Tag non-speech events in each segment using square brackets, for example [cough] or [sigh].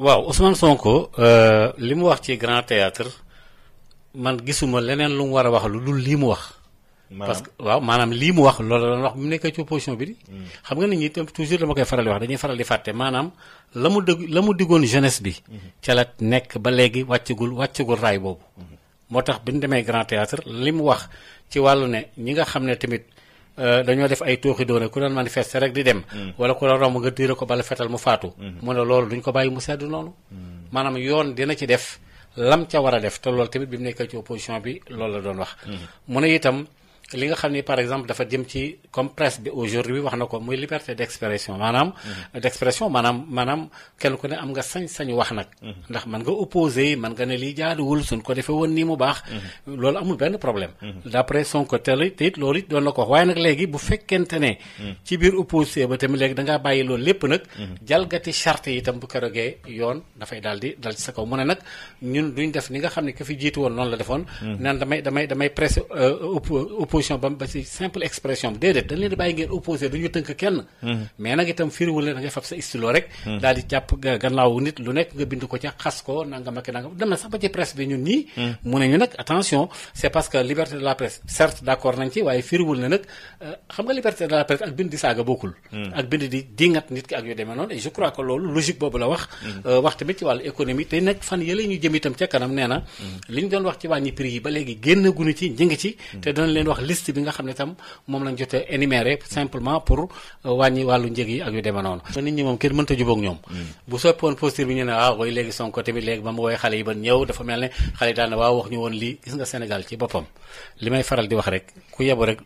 waaw Ousmane Sonko euh, li mu wax ci grand théâtre man gisuma leneen lu mu war a wax lu dul lii mu wax. parce waaw maanaam lii mu wax loolu la doon wax bu mu nekkee ci opposition bi. Hmm. xam nga nit ñi tam toujours dama koy faral di wax dañuy faral di fàtte maanaam la mu dëgg la mu diggoon jeunesse bi. Hmm. ca la nekk ba léegi wàcceegul wàccagul raay boobu. Hmm. moo tax bi ñu demee grand théâtre li mu wax ci wàllu ne ñi nga xam ne tamit. dañoo def ay tooxi doone ku doon manifester rek di dem. wala ku la romb nga tiire ko bala fetal mu faatu. mu ne loolu duñ ko bàyyi mu sedd noonu. maanaam yoon dina ci def lam ca war a def te loolu tamit bi mu nekkee ci opposition bi loolu la doon wax. mu ne itam. li nga xam ni par exemple dafa jëm ci comme presse bi aujourd'hui wax na ko muy liberté d'expression maanaam mhm. d'expression maanaam kenn ku ne am nga sañ-sañ wax nag mhm. ndax man nga opposé man nga ne lii jaaduwul suñ ko defee woon nii mu baax mhm. loolu amul benn problème d'après son côté la te it loolu it doon na ko waaye nag léegi bu fekkente ne ci biir opposé ba tamit léegi da ngaa bàyyi loolu lépp nag jalgati charte yi tam bu kerogee yoon dafay daal di da sa kaw mu ne nag ñun duñ def ni nga xam ne ka fi jiitu woon noonu la defoon opposition ba ba si simple expression bi déedéet dañ leen di bàyyi ngeen opposé duñu ñu tënk kenn. Hmm. mais nag itam firiwul da nga fab sa istilo rek. Hmm. daal di jàpp gannaaw nit lu nekk nga bind ko ca xas ko nangam ak nangam dem na sax ba ci presse bi ñun ñii. Hmm. mu ne ñu nag attention c' est parce que liberté de la presse certes d' accord nañ ci waaye firiwul ne nag euh, xam nga liberté de la presse ak bind di saaga bokkul. ak bind di dingat nit ki ak yu demee noonu et je crois que loolu logique boobu la wax. Euh, wax tamit ci wàllu économie te nag fan yële ñu jëm itam ca kanam nee na. li doon wax ci wàññi prix yi ba léegi génnaguñu ci njëng ci te danañ leen wax liste bi nga xam ne tam moom lañ jotee énuméré simplement pour euh, wàññi wàllu njëg yi ak yu demee noonu nit ñi moom kenn mënta jubóog ñoom mm. bu soppoon posture bi ñu ne ah, waaw way léegi Sonko tamit léegi ba mu wooy xale yi ba ñëw dafa mel ne xale yi daal waaw wax ñu woon lii gis nga Sénégal ci boppam li may faral di wax rek ku yebu rek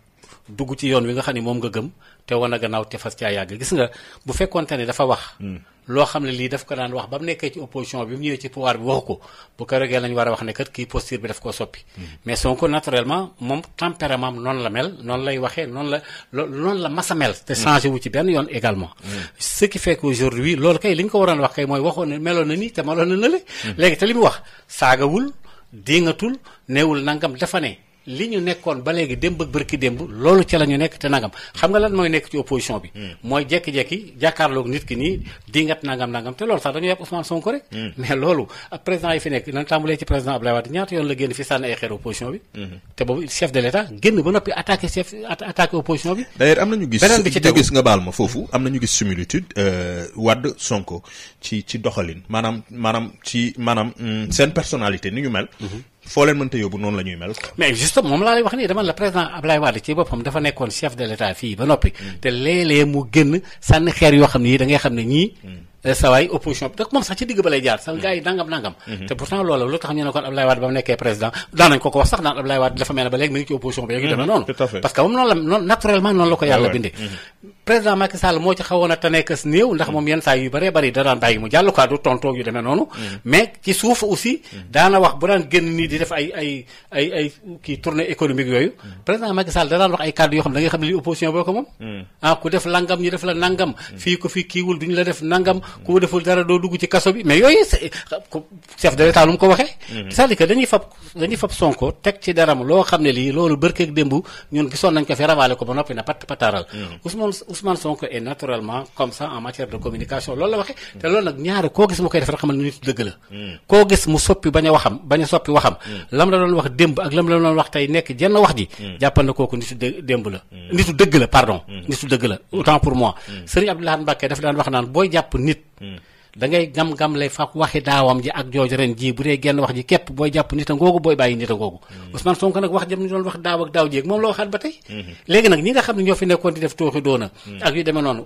dugg ci yoon wi nga xam ne moom nga gëm te wan a gannaaw te fas caa yàgg gis nga bu fekkonte ne dafa wax hmm. loo xam ne lii daf ko daan wax ba mu nekkee ci opposition bi mu ñëwee ci pouvoir bi waxu ko bu ko regee lañu war a wax ne kat kii posture bi daf ko soppi hmm. mais Sonko naturellement moom tempérament noonu la mel noonu lay waxee noonu la noonu la masa mel te hmm. changé wu ci benn yoon également ce qui fait que aujourd'hui loolu kay li ñu ko waroon wax kay mooy waxoon ne meloon na nii te meloon na nële léegi te li mu wax saagawul déngatul neewul nangam dafa li ñu nekkoon ba léegi démb ak barki démb loolu ci la ñu nekk te nangam xam nga lan mooy nekk ci opposition bi. Hmm. mooy jekki-jekki jàkkaarloog nit ki nii dingat nangam nangam te loolu sax dañu yàpp Ousmane Sonko rek. Hmm. mais loolu président yi fi nekk nañ tàmbalee ci président Abdoulaye Wade ñaata yoon la génn fi sànni ay xeer opposition bi. Hmm. te boobu chef de l' état génn ba noppi attaqué chef attaqué opposition bi. d'ailleurs am na ñu gis beneen bi ci tegu gis nga baal ma foofu am ñu gis similitude euh, Wade Sonko ci ci doxalin maanaam maanaam ci maanaam seen personnalité ni ñu mel. Mm-hmm. foo leen mënta yóbbu noonu la ñuy mel. mais justement moom laa lay wax nii dama la président Ablaye Wade ci boppam dafa nekkoon chef de l' fii ba noppi. Mm. te léeg-léeg mu génn sànni xeer yoo xam ne yii da ngay xam ne ñii. Mm. Eh, sawaay opposition bi moom sax ci digg ba lay jaar sax gars yi nangam nangam mhm. mhm. te pourtant loolu lu tax ñu ne kon Abdoulaye Wade ba mu nekkee président daanañ ko ko wax sax naan Abdoulaye Wade dafa mel ba léegi mi ngi ci opposition bi yooyu mhm. président Macky Sall da daan wax ay kàddu yoo xam ne li opposition boo ko moom ah, ku def langam ñu def la nangam fii ko fii kiiwul duñu la def nangam ku deful dara do dugg ci kasso bi mais yoy chef de l'état lu ko waxé mhm. c'est que dañuy fop dañuy fop sonko tek ci daram lo xamne li lolu barke ak dembu ñun gisoon nañ ko fi ravalé ko ba nopi na pat pataral mhm. Ousmane Ousmane Sonko est naturellement comme ça en matière de communication lolu la waxe té lolu nak ñaar ko gis mu koy def rek xamal nit deug la mhm. ko gis mu soppi baña waxam baña soppi waxam lam la doon wax demb ak lam la doon wax tay nek jenn wax ji jappal na koku nitu demb la nitu deug la pardon nitu deug la autant pour moi serigne abdoulah mbacke daf daan wax naan boy japp nit Hmm. da ngay gam lay fa waxi daawam ji ak jooju ren ji bu dee genn wax ji képp booy jàpp nit a ngoogu booy bàyyi nit a ngoogu hmm. Ousmane Sonko nag wax jëm ni doon wax daaw ak daaw jéeg moom la waxaat ba tey hmm. léegi nag ñi nga xam ne ñoo fi nekkoon di def tooxi doona ak yu demee noonu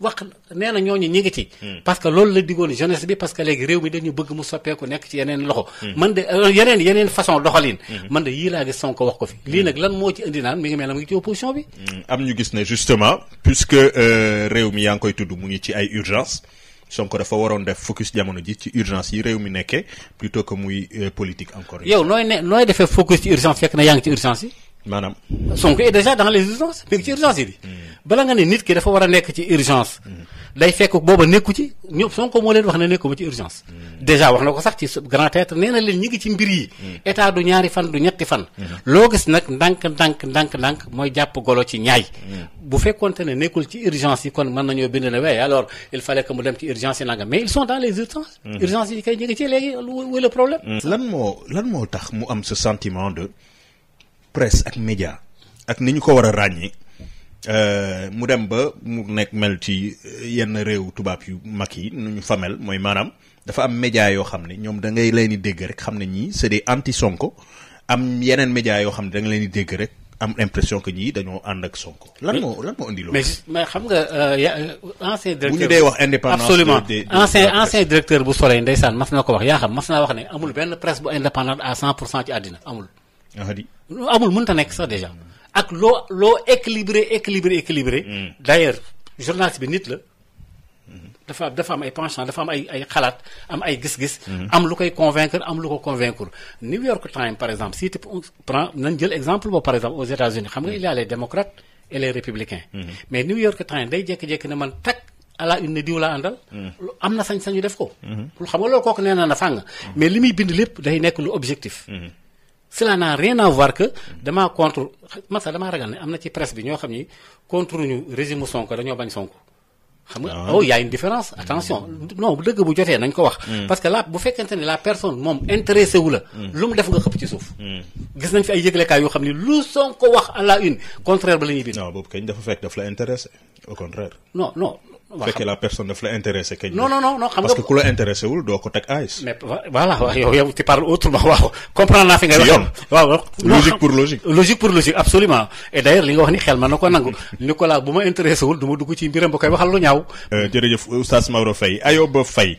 wax nee na ñooñu ñi ngi ci parce que loolu la digoon jeunesse bi parce que léegi réew mi dañu bëgg mu soppeeku nekk ci yeneen loxo man de euh, yeneen yeneen façon doxalin man de yii laa gis Sonko wax ko fi lii nag lan moo ci indi naan mi ngi mel ne mu ngi ci opposition bi am ñu gis ne justement puisque euh, réew mi yaa ngi koy tudd mu ngi ci ay urgence Sonko dafa waroon def focus jamono ji ci urgence yi réew mi nekkee plutôt que muy euh, politique encore. yow nooy ne nooy defee focus ci urgence fekk na yaa ngi ci urgence yi. maanaam. Sonko est déjà dans les urgences mi ngi ci urgence yi. Hmm. bala nga ne nit ki dafa war a nekk ci urgence. Hmm day fekk booba nekku ci ñoom Sonko moo leen wax ne nekkuma ci urgence déjà wax na ko sax ci grand théâtre nee na leen ñi ngi ci mbir yi mm. état du ñaari fan du ñetti fan mm-hmm. loo gis nag ndànk ndànk ndànk ndànk mooy jàpp golo ci ñaay mm. bu fekkonte ne nekkul ci urgence yi kon mën nañoo bind ne waaye alors il fallait que mu dem ci urgence yi nanga mais ils sont dans les urgences mm-hmm. urgence yi kay ñu ngi ci léegi où le problème mm. lan moo lan moo tax mu am ce sentiment de presse ak média ak ni ñu ko war a ràññee Euh, mu dem ba mu nekk mel ci yenn réew tubaab yu mag yi nu ñu fa mel mooy maanaam dafa am média yoo xam ne ñoom dangay leen di dégg rek xam ne ñii c'est des anti Sonko am yeneen média yoo xam ne da leen di dégg rek am impression que ñii dañoo ànd ak Sonko. lan moo lan moo indi mais xam nga euh, ya euh, ancien directeur bu ñu dee wax indépendance. absolument ancien ancien directeur bu Soleil mas na ko wax yaa xam mas naa wax ne amul benn presse bu indépendante à 100 pour cent ci àddina amul. amul mënta nekk sax déjà. ak loo loo équilibré équilibré équilibré. Hmm. d' ailleurs journaliste bi nit la. dafa dafa am ay penchant dafa am ay ay xalaat am ay gis-gis. Hmm. am lu koy convaincre am lu ko convaincre. New York Times par exemple si tu prends nañ jël exemple boobu par exemple aux États-Unis xam nga hmm. il y a les démocrates et les républicains. mais New York Times day jékki-jékki ne man takk ala une ne diw laa àndal. lu am na sañ-sañu def ko. lu xam nga loolu kooku nee na na fàng. mais li muy bind lépp day nekk lu objectif cela n'a rien à voir que damaa contre man sax damaa ragal ne am ci presse bi ñoo xamni contre ñu régime Sonko dañoo bañ Sonko. xam nga ah. oh il y a une différence attention mm. non bu dëgg bu joté nañ ko wax. Mm. parce que la bu fekkente ne la personne mom intéressé wu la. Mm. lu mu def nga xëpp ci suuf. gis nañ fi ay yëglekaay kay xam xamni lu Sonko wax à la une contraire ba la bi non boobu kañ dafa fekk dafa la intéressé au contraire. non non. bu fekkee la personne daf la intéressé. kañ non non non xam nga ku la intéressé doo ko teg ayis. mais voilà waaw yow yow tu waaw comprendre naa fi ngay wax. logique pour logique. logique pour absolument et d'ailleurs li nga wax ni xel man na ko nangu. [laughs] Nicolas bu ma intéressé wul du ma dugg ci mbiram ba koy waxal lu ñaaw. Euh, jërëjëf Oustaz Maodo Faye Ayoba fay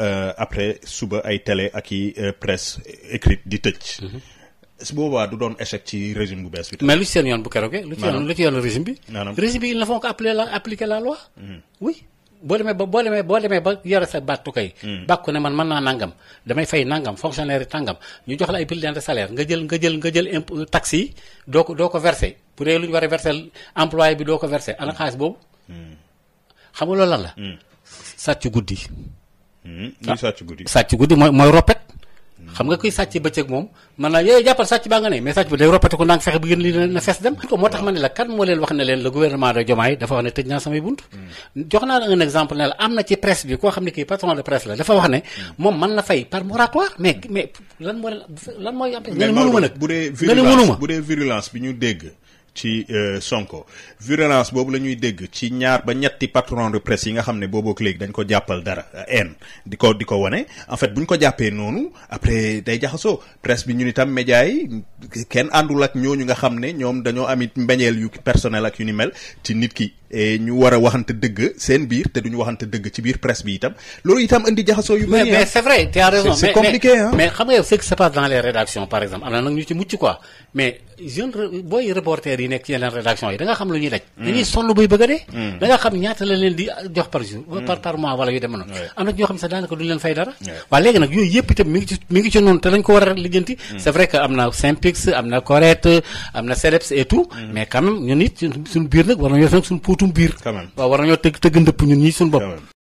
Euh, après suba ay télé ak i euh, presse écrite di tëj. Mhm. su boobaa du doon échec ci régime bu bees bi. mais lu ci seen yoon bu keroog lu ci yoon lu ci yoon régime bi. régime bi il ne font que la appliquer la loi. Mhm. oui boo demee ba boo demee boo demee ba yore sa battu kay. Mhm. bàkku ne man mën naa nangam damay fay nangam fonctionnaire tàngam ñu jox la ay bulletins de salaire nga jël nga jël nga jël imp euh, taxes yi doo ko doo ko versé bu dee lu ñu war a versé employé bi doo ko versé ana xaalis boobu. xam nga loolu lan la. sàcc guddi. Hmm? Ah. luy guddi mooy mooy roppet. xam nga kuy sàcc bëccëg moom man naa yooyu jàppal sàcc baa nga ne mais sàcc bu gën li na fees dem ko moo tax naa samay bunt hmm. na ci presse bi koo xam ne kii hmm. nag bu dee virulence bi ñu dégg ci euh, Sonko virulence bobu lañuy ñuy dégg ci ñaar ba ñetti patron de presse yi nga xam ne ak léegi dañ ko jàppal dara en euh, di ko di ko wane en fait buñ ko jàppee noonu après day jaxasoo presse bi ñu ni tam média yi kenn àndul ak ñooñu nga xam ne ñoom dañoo amit mbeñeel yu personnel ak yu ni mel ci nit ki ñu war a waxante dëgg seen biir te duñu waxante dëgg ci biir presse bi itam loolu itam indi jaxasoo yu bëri mais hein. c'est vrai tu as raison mais c'est compliqué hein mais xam nga ce qui se passe dans les rédactions par exemple am na nag ñu ci mucc quoi mais jeune booy reporter yi nekk ci yeneen rédaction yi da nga xam lu ñuy daj mm. dañuy sonn buy bëgg a dee mm. da nga xam ñaata la leen di jox par jour mm. par par mois wala yu dem noonu am na ñoo xam ne sax daanaka duñu leen fay dara waa léegi nag yooyu yëpp itam mi ngi ci mi ngi ci noonu te dañ ko war a lijjanti c'est vrai que am na Simpix am na Correct am na Celeps et tout mais quand ñu ñun it suñu biir nag war nañoo def nag suñu puutum biir waaw war nañoo tëgg tëgg ndëpp ñun ñii suñu